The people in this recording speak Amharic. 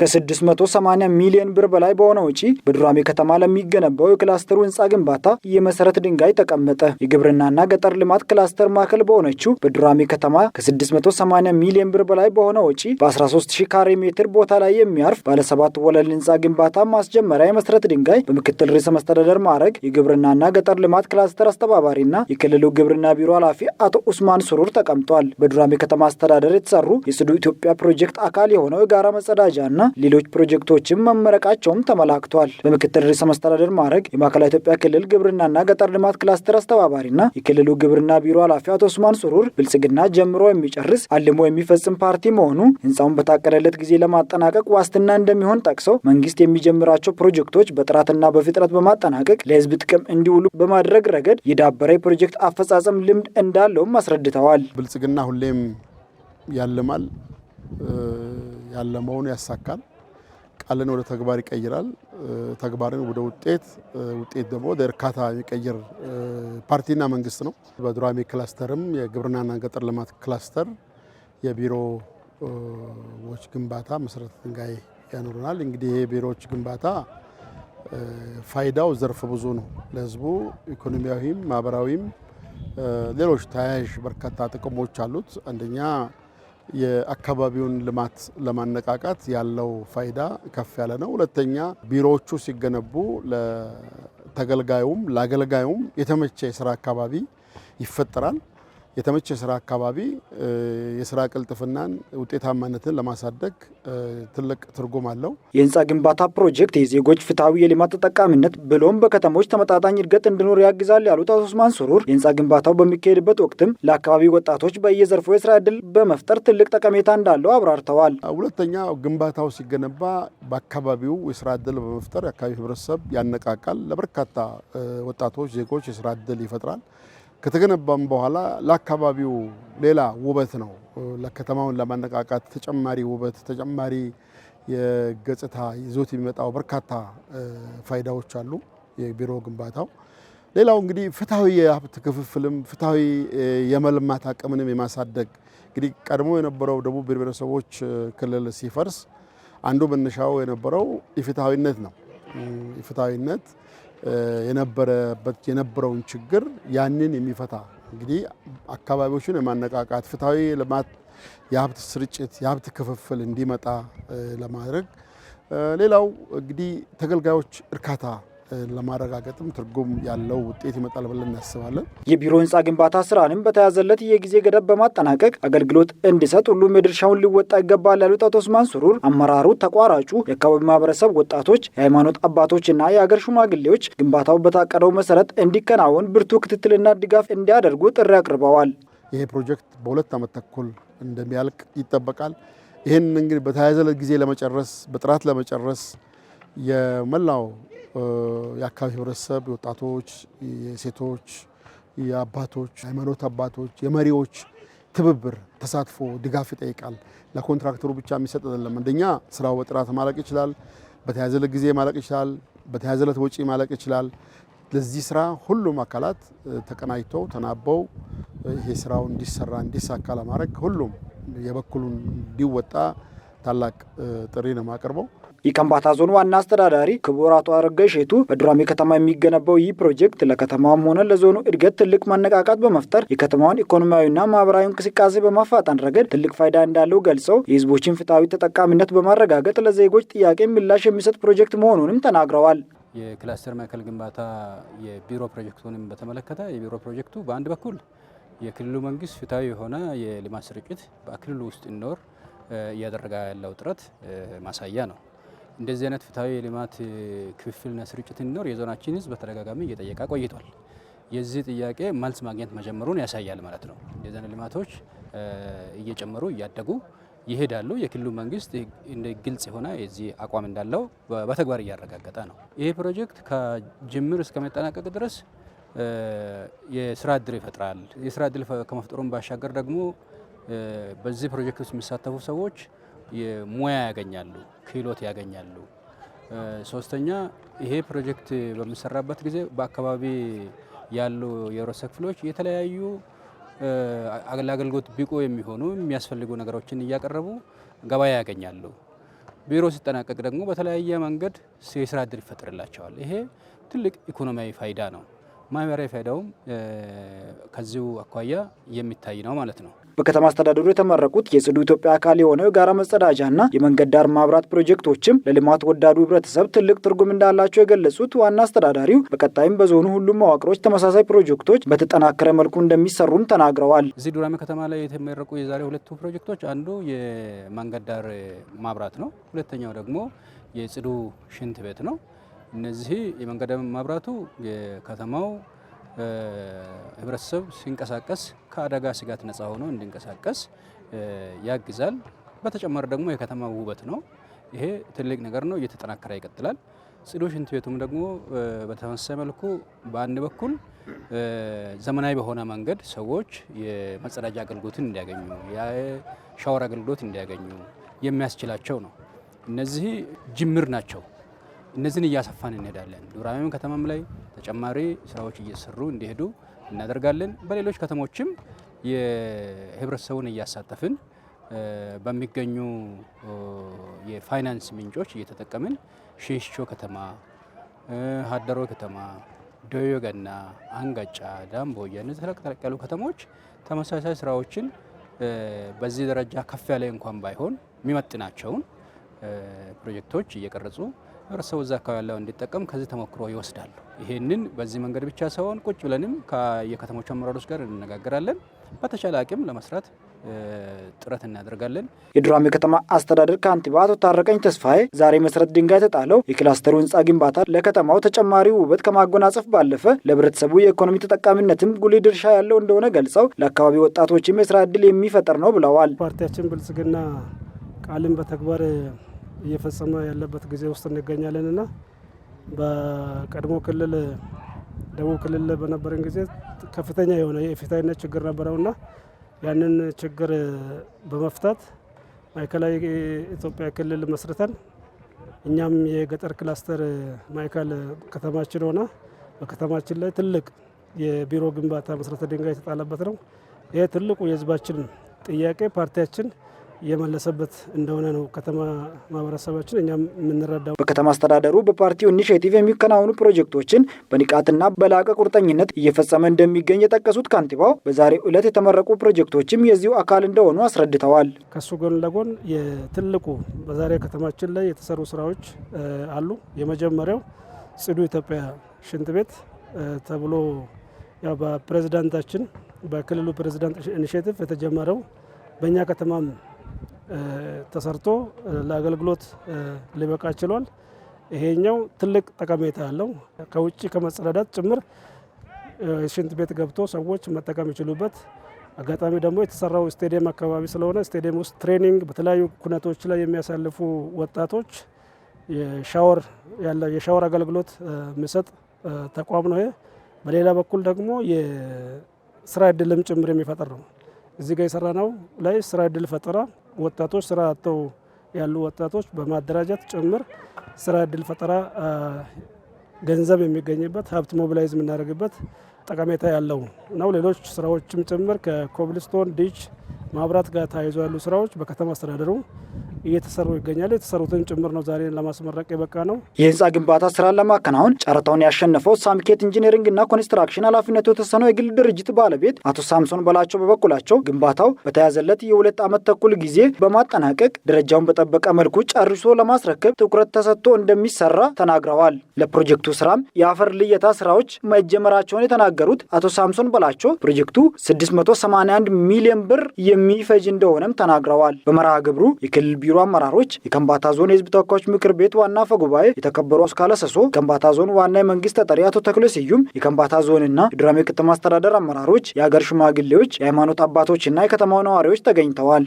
ከ680 ሚሊዮን ብር በላይ በሆነ ውጪ በዱራሜ ከተማ ለሚገነባው የክላስተሩ ህንፃ ግንባታ የመሰረት ድንጋይ ተቀመጠ። የግብርናና ገጠር ልማት ክላስተር ማዕከል በሆነችው በዱራሜ ከተማ ከ680 ሚሊዮን ብር በላይ በሆነ ውጪ በ130 ካሬ ሜትር ቦታ ላይ የሚያርፍ ባለሰባት ወለል ህንፃ ግንባታ ማስጀመሪያ የመሰረት ድንጋይ በምክትል ርዕሰ መስተዳደር ማዕረግ የግብርናና ገጠር ልማት ክላስተር አስተባባሪና የክልሉ ግብርና ቢሮ ኃላፊ አቶ ኡስማን ስሩር ተቀምጧል። በዱራሜ ከተማ አስተዳደር የተሰሩ የጽዱ ኢትዮጵያ ፕሮጀክት አካል የሆነው የጋራ መጸዳጃና ሌሎች ፕሮጀክቶችም መመረቃቸውም ተመላክቷል። በምክትል ርዕሰ መስተዳደር ማዕረግ የማዕከላዊ ኢትዮጵያ ክልል ግብርናና ገጠር ልማት ክላስተር አስተባባሪና የክልሉ ግብርና ቢሮ ኃላፊ አቶ ስማን ሱሩር ብልጽግና ጀምሮ የሚጨርስ አልሞ የሚፈጽም ፓርቲ መሆኑ ህንፃውን በታቀደለት ጊዜ ለማጠናቀቅ ዋስትና እንደሚሆን ጠቅሰው መንግስት የሚጀምራቸው ፕሮጀክቶች በጥራትና በፍጥነት በማጠናቀቅ ለህዝብ ጥቅም እንዲውሉ በማድረግ ረገድ የዳበረ የፕሮጀክት አፈጻጸም ልምድ እንዳለውም አስረድተዋል። ብልጽግና ሁሌም ያልማል ያለመውን ያሳካል። ቃልን ወደ ተግባር ይቀይራል። ተግባርን ወደ ውጤት፣ ውጤት ደግሞ ወደ እርካታ የሚቀይር ፓርቲና መንግስት ነው። በዱራሜ ክላስተርም የግብርናና ገጠር ልማት ክላስተር የቢሮዎች ግንባታ መሰረተ ድንጋይ ያኖረናል። እንግዲህ ይሄ ቢሮዎች ግንባታ ፋይዳው ዘርፈ ብዙ ነው። ለህዝቡ ኢኮኖሚያዊም፣ ማህበራዊም ሌሎች ተያያዥ በርካታ ጥቅሞች አሉት። አንደኛ የአካባቢውን ልማት ለማነቃቃት ያለው ፋይዳ ከፍ ያለ ነው። ሁለተኛ ቢሮዎቹ ሲገነቡ ለተገልጋዩም ለአገልጋዩም የተመቸ የስራ አካባቢ ይፈጠራል። የተመቸ የስራ አካባቢ የስራ ቅልጥፍናን፣ ውጤታማነትን ለማሳደግ ትልቅ ትርጉም አለው። የህንፃ ግንባታ ፕሮጀክት የዜጎች ፍትሐዊ የልማት ተጠቃሚነት ብሎም በከተሞች ተመጣጣኝ እድገት እንዲኖር ያግዛል ያሉት አቶ ኡስማን ሱሩር የህንፃ ግንባታው በሚካሄድበት ወቅትም ለአካባቢ ወጣቶች በየዘርፉ የስራ እድል በመፍጠር ትልቅ ጠቀሜታ እንዳለው አብራርተዋል። ሁለተኛ ግንባታው ሲገነባ በአካባቢው የስራ እድል በመፍጠር የአካባቢ ህብረተሰብ ያነቃቃል። ለበርካታ ወጣቶች ዜጎች የስራ እድል ይፈጥራል። ከተገነባም በኋላ ለአካባቢው ሌላ ውበት ነው። ለከተማውን ለማነቃቃት ተጨማሪ ውበት፣ ተጨማሪ የገጽታ ይዞት የሚመጣው በርካታ ፋይዳዎች አሉ የቢሮ ግንባታው። ሌላው እንግዲህ ፍትሐዊ የሀብት ክፍፍልም ፍትሐዊ የመልማት አቅምንም የማሳደግ እንግዲህ ቀድሞ የነበረው ደቡብ ብሔር ብሔረሰቦች ክልል ሲፈርስ አንዱ መነሻው የነበረው ኢፍትሐዊነት ነው። ኢፍትሐዊነት የነበረበት የነበረውን ችግር ያንን የሚፈታ እንግዲህ አካባቢዎችን የማነቃቃት ፍትሐዊ ልማት፣ የሀብት ስርጭት፣ የሀብት ክፍፍል እንዲመጣ ለማድረግ ሌላው እንግዲህ ተገልጋዮች እርካታ ለማረጋገጥም ትርጉም ያለው ውጤት ይመጣል ብለን እናስባለን። የቢሮ ህንፃ ግንባታ ስራንም በተያዘለት የጊዜ ገደብ በማጠናቀቅ አገልግሎት እንዲሰጥ ሁሉም የድርሻውን ሊወጣ ይገባል ያሉት አቶ ኡስማን ስሩር አመራሩ፣ ተቋራጩ፣ የአካባቢ ማህበረሰብ ወጣቶች፣ የሃይማኖት እና የሀገር ሽማግሌዎች ግንባታው በታቀደው መሰረት እንዲከናወን ብርቱ ክትትልና ድጋፍ እንዲያደርጉ ጥሪ አቅርበዋል። ይሄ ፕሮጀክት በሁለት ዓመት ተኩል እንደሚያልቅ ይጠበቃል። ይህን እንግዲህ በተያያዘለት ጊዜ ለመጨረስ በጥራት ለመጨረስ የመላው የአካባቢ ህብረተሰብ፣ የወጣቶች፣ የሴቶች፣ የአባቶች፣ ሃይማኖት አባቶች፣ የመሪዎች ትብብር፣ ተሳትፎ፣ ድጋፍ ይጠይቃል። ለኮንትራክተሩ ብቻ የሚሰጥ አይደለም። አንደኛ ስራው በጥራት ማለቅ ይችላል፣ በተያዘለት ጊዜ ማለቅ ይችላል፣ በተያዘለት ወጪ ማለቅ ይችላል። ለዚህ ስራ ሁሉም አካላት ተቀናጅተው ተናበው ይሄ ስራው እንዲሰራ እንዲሳካ ለማድረግ ሁሉም የበኩሉን እንዲወጣ ታላቅ ጥሪ ነው የማቀርበው። የከምባታ ዞን ዋና አስተዳዳሪ ክቡር አቶ አረጋይ ሼቱ በዱራሜ ከተማ የሚገነባው ይህ ፕሮጀክት ለከተማም ሆነ ለዞኑ እድገት ትልቅ መነቃቃት በመፍጠር የከተማዋን ኢኮኖሚያዊና ማህበራዊ እንቅስቃሴ በማፋጠን ረገድ ትልቅ ፋይዳ እንዳለው ገልጸው የህዝቦችን ፍትሐዊ ተጠቃሚነት በማረጋገጥ ለዜጎች ጥያቄ ምላሽ የሚሰጥ ፕሮጀክት መሆኑንም ተናግረዋል። የክላስተር ማዕከል ግንባታ የቢሮ ፕሮጀክቱንም በተመለከተ የቢሮ ፕሮጀክቱ በአንድ በኩል የክልሉ መንግስት ፍትሐዊ የሆነ የልማት ስርጭት በክልሉ ውስጥ እንዲኖር እያደረገ ያለው ጥረት ማሳያ ነው። እንደዚህ አይነት ፍትሐዊ የልማት ክፍፍልና ስርጭት እንዲኖር የዞናችን ህዝብ በተደጋጋሚ እየጠየቀ ቆይቷል። የዚህ ጥያቄ መልስ ማግኘት መጀመሩን ያሳያል ማለት ነው። እንደዚህ አይነት ልማቶች እየጨመሩ እያደጉ ይሄዳሉ። የክልሉ መንግስት እንደ ግልጽ የሆነ የዚህ አቋም እንዳለው በተግባር እያረጋገጠ ነው። ይሄ ፕሮጀክት ከጅምር እስከመጠናቀቅ ድረስ የስራ እድል ይፈጥራል። የስራ እድል ከመፍጠሩን ባሻገር ደግሞ በዚህ ፕሮጀክት ውስጥ የሚሳተፉ ሰዎች ሙያ ያገኛሉ፣ ክህሎት ያገኛሉ። ሶስተኛ ይሄ ፕሮጀክት በሚሰራበት ጊዜ በአካባቢ ያሉ የህብረተሰብ ክፍሎች የተለያዩ ለአገልግሎት ብቁ የሚሆኑ የሚያስፈልጉ ነገሮችን እያቀረቡ ገበያ ያገኛሉ። ቢሮ ሲጠናቀቅ ደግሞ በተለያየ መንገድ የስራ እድል ይፈጥርላቸዋል። ይሄ ትልቅ ኢኮኖሚያዊ ፋይዳ ነው። ማህበራዊ ፋይዳውም ከዚሁ አኳያ የሚታይ ነው ማለት ነው። በከተማ አስተዳደሩ የተመረቁት የጽዱ ኢትዮጵያ አካል የሆነው የጋራ መጸዳጃና የመንገድ ዳር ማብራት ፕሮጀክቶችም ለልማት ወዳዱ ህብረተሰብ ትልቅ ትርጉም እንዳላቸው የገለጹት ዋና አስተዳዳሪው በቀጣይም በዞኑ ሁሉም መዋቅሮች ተመሳሳይ ፕሮጀክቶች በተጠናከረ መልኩ እንደሚሰሩም ተናግረዋል። እዚህ ዱራሜ ከተማ ላይ የተመረቁ የዛሬ ሁለቱ ፕሮጀክቶች አንዱ የመንገድ ዳር ማብራት ነው። ሁለተኛው ደግሞ የጽዱ ሽንት ቤት ነው። እነዚህ የመንገድ ማብራቱ የከተማው ህብረተሰብ ሲንቀሳቀስ ከአደጋ ስጋት ነፃ ሆኖ እንዲንቀሳቀስ ያግዛል። በተጨማሪ ደግሞ የከተማ ውበት ነው። ይሄ ትልቅ ነገር ነው፣ እየተጠናከረ ይቀጥላል። ጽዱ ሽንት ቤቱም ደግሞ በተመሳሳይ መልኩ በአንድ በኩል ዘመናዊ በሆነ መንገድ ሰዎች የመጸዳጃ አገልግሎትን እንዲያገኙ የሻወር አገልግሎት እንዲያገኙ የሚያስችላቸው ነው። እነዚህ ጅምር ናቸው። እነዚህን እያሰፋን እንሄዳለን። ዱራሜም ከተማም ላይ ተጨማሪ ስራዎች እየሰሩ እንዲሄዱ እናደርጋለን። በሌሎች ከተሞችም የህብረተሰቡን እያሳተፍን በሚገኙ የፋይናንስ ምንጮች እየተጠቀምን ሽንሽቾ ከተማ፣ ሀደሮ ከተማ፣ ዶዮ ገና፣ አንጋጫ፣ ዳምቦያ እነዚህ ተለቅ ያሉ ከተሞች ተመሳሳይ ስራዎችን በዚህ ደረጃ ከፍ ያለ እንኳን ባይሆን የሚመጥናቸውን ፕሮጀክቶች እየቀረጹ ህብረተሰቡ እዛ አካባቢ ያለው እንዲጠቀም ከዚህ ተሞክሮ ይወስዳሉ። ይሄንን በዚህ መንገድ ብቻ ሳይሆን ቁጭ ብለንም የከተሞቹ አመራሮች ጋር እንነጋገራለን። በተቻለ አቅም ለመስራት ጥረት እናደርጋለን። የዱራሜ ከተማ አስተዳደር ከንቲባ አቶ ታረቀኝ ተስፋዬ ዛሬ መሰረት ድንጋይ ተጣለው የክላስተሩ ህንፃ ግንባታ ለከተማው ተጨማሪ ውበት ከማጎናጸፍ ባለፈ ለህብረተሰቡ የኢኮኖሚ ተጠቃሚነትም ጉልህ ድርሻ ያለው እንደሆነ ገልጸው ለአካባቢ ወጣቶችም የስራ ዕድል የሚፈጠር ነው ብለዋል። ፓርቲያችን ብልጽግና ቃልን በተግባር እየፈጸመ ያለበት ጊዜ ውስጥ እንገኛለን እና በቀድሞ ክልል ደቡብ ክልል በነበረን ጊዜ ከፍተኛ የሆነ የፍትሐዊነት ችግር ነበረውና ያንን ችግር በመፍታት ማዕከላዊ ኢትዮጵያ ክልል መስርተን እኛም የገጠር ክላስተር ማዕከል ከተማችን ሆና በከተማችን ላይ ትልቅ የቢሮ ግንባታ መሰረተ ድንጋይ የተጣለበት ነው። ይሄ ትልቁ የህዝባችን ጥያቄ ፓርቲያችን የመለሰበት እንደሆነ ነው ከተማ ማህበረሰባችን እኛም የምንረዳው። በከተማ አስተዳደሩ በፓርቲው ኢኒሽቲቭ የሚከናወኑ ፕሮጀክቶችን በንቃትና በላቀ ቁርጠኝነት እየፈጸመ እንደሚገኝ የጠቀሱት ካንቲባው በዛሬው ዕለት የተመረቁ ፕሮጀክቶችም የዚሁ አካል እንደሆኑ አስረድተዋል። ከሱ ጎን ለጎን የትልቁ በዛሬ ከተማችን ላይ የተሰሩ ስራዎች አሉ። የመጀመሪያው ጽዱ ኢትዮጵያ ሽንት ቤት ተብሎ ያው በፕሬዚዳንታችን በክልሉ ፕሬዚዳንት ኢኒሽቲቭ የተጀመረው በእኛ ከተማም ተሰርቶ ለአገልግሎት ሊበቃ ችሏል። ይሄኛው ትልቅ ጠቀሜታ አለው። ከውጭ ከመጸዳዳት ጭምር ሽንት ቤት ገብቶ ሰዎች መጠቀም ይችሉበት። አጋጣሚ ደግሞ የተሰራው ስቴዲየም አካባቢ ስለሆነ ስቴዲየም ውስጥ ትሬኒንግ በተለያዩ ኩነቶች ላይ የሚያሳልፉ ወጣቶች የሻወር ያለ የሻወር አገልግሎት የሚሰጥ ተቋም ነው። በሌላ በኩል ደግሞ የስራ እድልም ጭምር የሚፈጥር ነው። እዚህ ጋር የሰራ ላይ ስራ እድል ፈጠራ ወጣቶች ስራ አጥተው ያሉ ወጣቶች በማደራጀት ጭምር ስራ እድል ፈጠራ ገንዘብ የሚገኝበት ሀብት ሞቢላይዝ የምናደርግበት ጠቀሜታ ያለው ነው። ሌሎች ስራዎችም ጭምር ከኮብልስቶን ዲች ማብራት ጋር ተያይዞ ያሉ ስራዎች በከተማ አስተዳደሩ እየተሰሩ ይገኛሉ። የተሰሩትን ጭምር ነው ዛሬ ለማስመረቅ የበቃ ነው። የህንፃ ግንባታ ስራ ለማከናወን ጨረታውን ያሸነፈው ሳምኬት ኢንጂነሪንግ እና ኮንስትራክሽን ኃላፊነቱ የተሰነው የግል ድርጅት ባለቤት አቶ ሳምሶን በላቸው በበኩላቸው ግንባታው በተያዘለት የሁለት ዓመት ተኩል ጊዜ በማጠናቀቅ ደረጃውን በጠበቀ መልኩ ጨርሶ ለማስረከብ ትኩረት ተሰጥቶ እንደሚሰራ ተናግረዋል። ለፕሮጀክቱ ስራም የአፈር ልየታ ስራዎች መጀመራቸውን የተናገሩት አቶ ሳምሶን በላቸው ፕሮጀክቱ 681 ሚሊዮን ብር የሚፈጅ እንደሆነም ተናግረዋል። በመርሃ ግብሩ የክልል ቢሮ የቢሮ አመራሮች፣ የከምባታ ዞን የህዝብ ተወካዮች ምክር ቤት ዋና አፈ ጉባኤ የተከበሩ አስካለ ሰሶ፣ የከምባታ ዞን ዋና የመንግስት ተጠሪ አቶ ተክለ ስዩም፣ የከምባታ ዞንና የዱራሜ ከተማ አስተዳደር አመራሮች፣ የሀገር ሽማግሌዎች፣ የሃይማኖት አባቶችና የከተማው ነዋሪዎች ተገኝተዋል።